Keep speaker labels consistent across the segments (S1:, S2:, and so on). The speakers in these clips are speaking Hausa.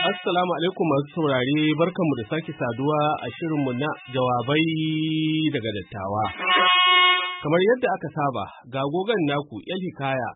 S1: Assalamu alaikum masu saurare barkanmu da sake saduwa a shirinmu na jawabai daga dattawa. Kamar yadda aka saba, ga gogan naku 'yan hikaya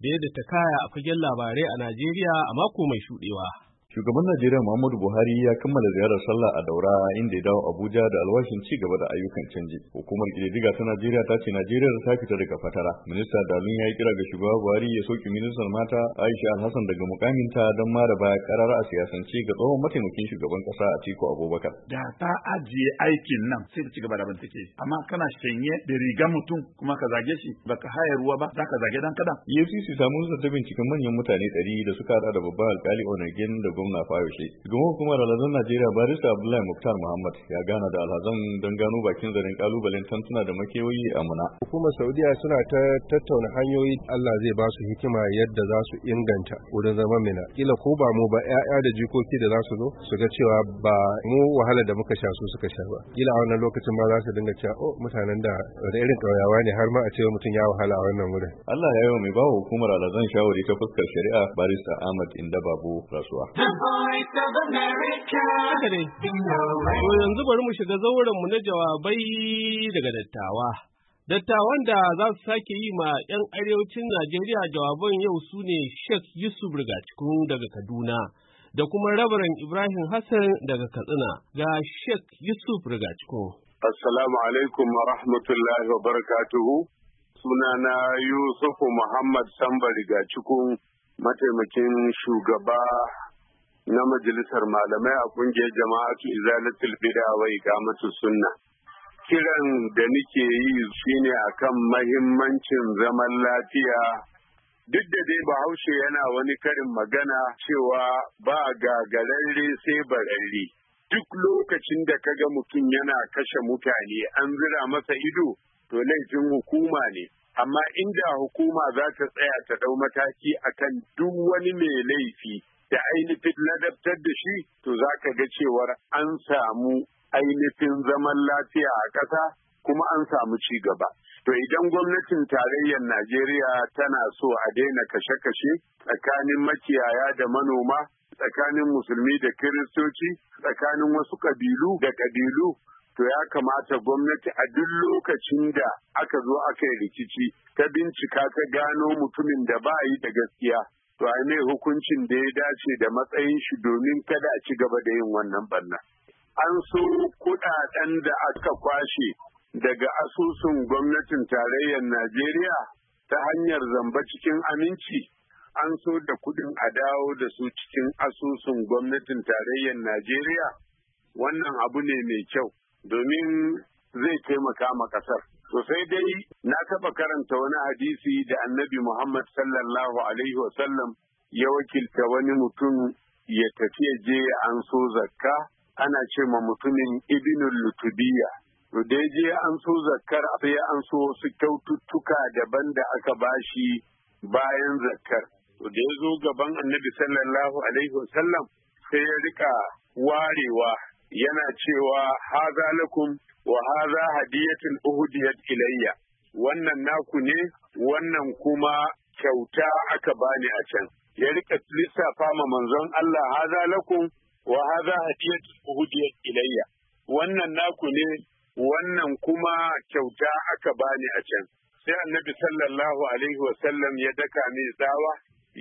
S1: da yadda ta kaya a fagen labarai a Najeriya a mako mai shuɗewa.
S2: Shugaban Najeriya Muhammadu Buhari ya kammala ziyarar sallah a Daura inda ya dawo Abuja da alwashin ci gaba da ayyukan canji. Hukumar kididdiga ta Najeriya ta ce Najeriya ta fita daga fatara. Minista Dalun ya yi kira ga shugaba Buhari ya soki ministan mata Aisha Alhassan daga mukaminta don mara baya karara a siyasance ga tsohon mataimakin shugaban kasa Atiku Abubakar.
S1: Da ta ajiye
S2: aikin nan sai ta ci gaba da bantake. Amma kana shanye da riga mutum kuma ka zage shi baka haya
S1: ruwa ba za ka zage dan kada.
S2: EFCC samu ta binciken manyan mutane ɗari da suka hada da babban alkali Onagin da gwamna Fayoshe. gama hukumar alhazan Najeriya Barista Abdullahi Muktar Muhammad ya gana da alhazan don gano bakin zarin kalubalen tantuna da makewayi a Muna.
S1: Hukumar Saudiya suna ta tattauna hanyoyi Allah zai ba su hikima yadda za su inganta wurin zama Mina. Kila ko ba mu ba 'ya'ya da jikoki da za su zo su ga cewa ba mu wahala da muka sha su suka sha ba. Kila a wannan lokacin ma za su dinga cewa oh mutanen da da irin ƙauyawa ne har ma a cewa mutum ya wahala a
S2: wannan wurin. Allah ya yi wa mai ba hukumar alhazan shawari ta fuskar shari'a Barista Ahmad Inda Babu
S1: rasuwa. yanzu bari mu shiga zauren mu na jawabai daga dattawa. Dattawan da za su sake yi ma 'yan arewacin Najeriya jawaban yau su ne Sheikh Yusuf Rigacikun daga Kaduna da kuma rabaran Ibrahim Hassan daga Katsina ga Sheikh Yusuf Rigacikun.
S2: Assalamu alaikum wa rahmatullahi wa barakatuhu. Sunana Yusufu Muhammad Tamba Rigacikun mataimakin shugaba na majalisar malamai a kungiyar jama'atu izalatul bid'a wa iqamatu sunna kiran da nake yi shine akan mahimmancin zaman lafiya duk da dai bahaushe yana wani karin magana cewa ba gagararre sai bararre duk lokacin da kaga mutum yana kashe mutane an zira masa ido to laifin hukuma ne amma inda hukuma za ta tsaya ta ɗau mataki akan duk wani mai laifi da ainihin ladabtar da shi to za ka ga cewar an samu ainihin zaman lafiya a ƙasa kuma an samu ci gaba. To idan gwamnatin tarayyar Najeriya tana so a daina kashe-kashe tsakanin makiyaya da manoma, tsakanin musulmi da kiristoci, tsakanin wasu ƙabilu da ƙabilu, to ya kamata gwamnati a duk lokacin da aka zo aka yi rikici ta bincika ta gano mutumin da ba yi da gaskiya. to a ne hukuncin da ya dace da matsayin shi domin kada a ci gaba da yin wannan banna An so kuɗaɗen da aka kwashe daga asusun gwamnatin tarayyar Najeriya ta hanyar zamba cikin aminci, an so da kuɗin a dawo da su cikin asusun gwamnatin tarayyar Najeriya, wannan abu ne mai kyau domin zai taimaka ma ƙasar. Sosai dai na taɓa karanta wani hadisi da annabi Muhammad sallallahu Alaihi wasallam ya wakilta wani mutum ya tafi je an so zakka ana ce ma mutumin ibinul lutubiya. To dai je an so zakkar sai an so wasu kyaututtuka daban da aka bashi bayan zakkar. To da ya zo gaban annabi sallallahu Alaihi wasallam sai ya riƙa warewa yana cewa haza lakum wa hadha hadiyatun uhudiyat ilayya wannan naku ne wannan kuma kyauta aka bani a can ya rika lissafa ma manzon Allah hadha lakum wa hadha hadiyatun uhudiyat ilayya wannan naku ne wannan kuma kyauta aka bani a can sai annabi sallallahu alaihi wa sallam ya daka mai tsawa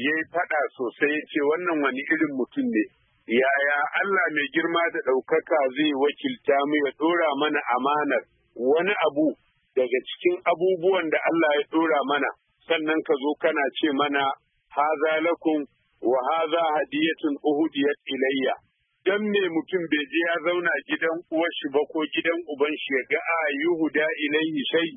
S2: ya yi faɗa sosai ya ce wannan wani irin mutum ne yaya Allah mai girma da ɗaukaka zai wakilta mu ya ɗora mana amanar wani abu daga cikin abubuwan da Allah ya ɗora mana sannan ka zo kana ce mana haza lakum wa haza hadiyatun uhudiyat ilayya dan me mutum bai je ya zauna gidan uwar ba ko gidan uban shi ya ga ayyuhuda ilayhi shay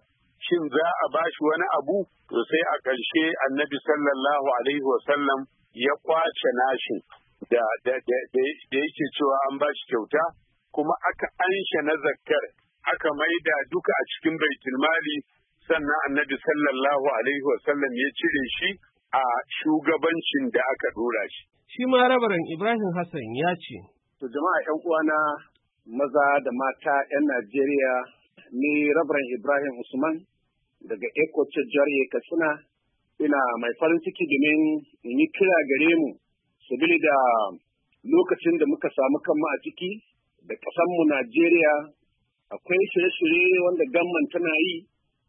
S2: shin za a shi wani abu to sai a ƙarshe annabi sallallahu alaihi wa sallam ya kwace nashin da yake cewa an ba shi kyauta kuma aka ansha na zakkar aka maida duka a cikin baitul mali sannan annabi sallallahu alaihi wasallam ya cire shi a shugabancin da aka dora shi.
S1: Shi ma rabaran Ibrahim Hassan ya ce. To jama'a 'yan uwana maza da mata 'yan Najeriya ni rabaran Ibrahim Usman daga Eko Jarye Katsina ina mai farin ciki domin in yi kira gare mu sabili da lokacin da muka samu kanmu a ciki da ƙasanmu Najeriya akwai shirye-shirye wanda gamman tana yi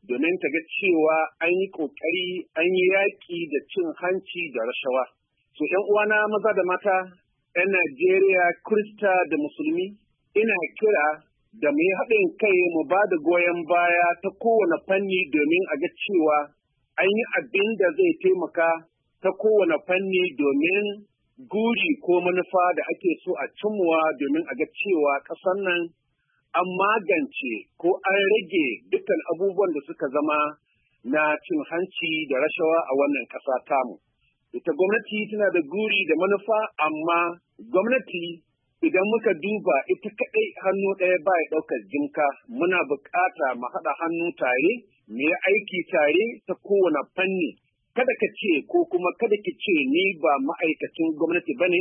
S1: domin ta ga cewa an yi ƙoƙari an yi yaƙi da cin hanci da rashawa. So ‘yan uwana maza da mata, ‘yan Najeriya, Krista da Musulmi, ina kira da mu yi haɗin kai mu ba da goyon baya ta kowane fanni domin a ga cewa an yi abin da zai taimaka ta kowane fanni domin guri ko manufa da ake so a cimmuwa domin a ga cewa ƙasar nan an magance ko an rage dukkan abubuwan da suka zama na cin hanci da rashawa a wannan ƙasa tamu. Ita gwamnati tana da guri da manufa amma gwamnati idan muka duba ita kaɗai hannu ɗaya ba ya ɗaukar jinka, muna buƙata mu haɗa hannu tare mu aiki tare ta kowane fanni kada ka ce ko kuma kada ki ce ni ba ma'aikacin gwamnati bane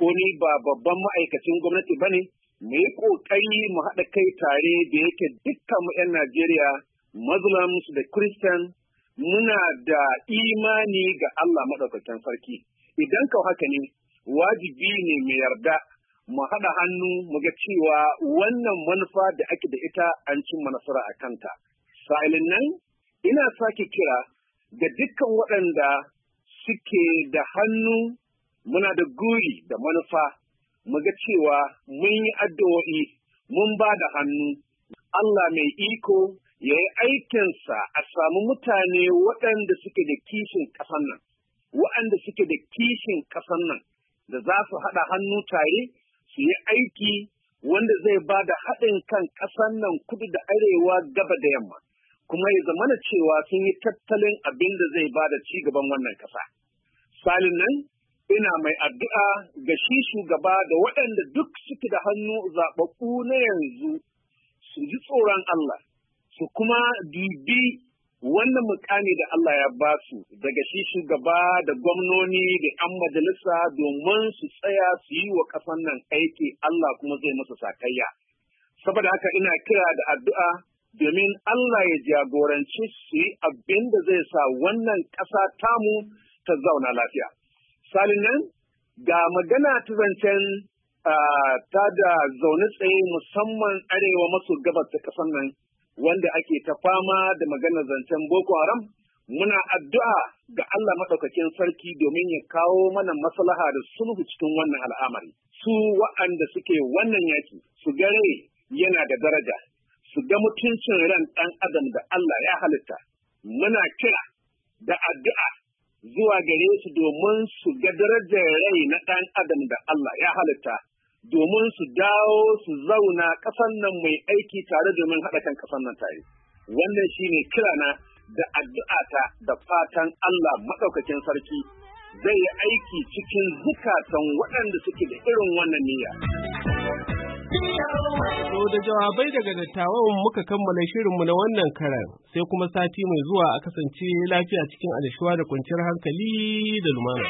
S1: ko ni ba babban ma'aikacin gwamnati bane mu yi kokari mu haɗa kai tare da yake dukkan mu 'yan Najeriya Muslims da Christian muna da imani ga Allah madaukakin sarki idan ka haka ne wajibi ne mu yarda mu haɗa hannu mu ga cewa wannan manufa da ake da ita an cimma nasara a kanta. Sa'ilin nan ina sake kira Da dukkan waɗanda suke da hannu muna da guri da manufa muga cewa mun yi addu'o'i mun ba da hannu Allah mai iko ya yi aikinsa a samu mutane waɗanda suke da kishin ƙasan nan waɗanda suke da kishin ƙasan nan da za su haɗa hannu tare su yi aiki wanda zai ba da haɗin kan ƙasan nan kudu da arewa gaba da yamma. kuma ya zamana cewa sun yi tattalin abin da zai ba da ci gaban wannan ƙasa. Salin nan ina mai addu'a ga shi shugaba da waɗanda duk suke da hannu zaɓaɓɓu na yanzu su ji tsoron Allah su kuma dubi wannan mukami da Allah ya ba su daga shi shugaba da gwamnoni da 'yan majalisa domin su tsaya su yi wa ƙasan nan aiki Allah kuma zai masa sakayya. Saboda haka ina kira da addu'a domin Allah ya jagoranci su yi abin da zai sa wannan ƙasa tamu ta zauna lafiya. Salinan ga magana ta zancen ta da zaune tsaye musamman arewa maso gabas ta ƙasar nan wanda ake ta fama da magana zancen Boko Haram muna addu'a ga Allah maɗaukakin sarki domin ya kawo mana maslaha da sulhu cikin wannan al'amari. Su wa'anda suke wannan yaki su gare yana da daraja su ga mutuncin ran ɗan adam da Allah ya halitta muna kira da addu'a zuwa gare su domin su ga darajar rai na ɗan adam da Allah ya halitta domin su dawo su zauna ƙasan nan mai aiki tare domin haɗa kan ƙasan nan tare wannan shi ne kirana da addu'ata da fatan Allah maɗaukakin sarki zai yi aiki cikin zukatan waɗanda suke da irin wannan niyya. To da jawabai daga dattawan muka kammala shirinmu na wannan karan sai kuma sati mai zuwa a kasance lafiya cikin alishuwa da kwanciyar hankali da lumana.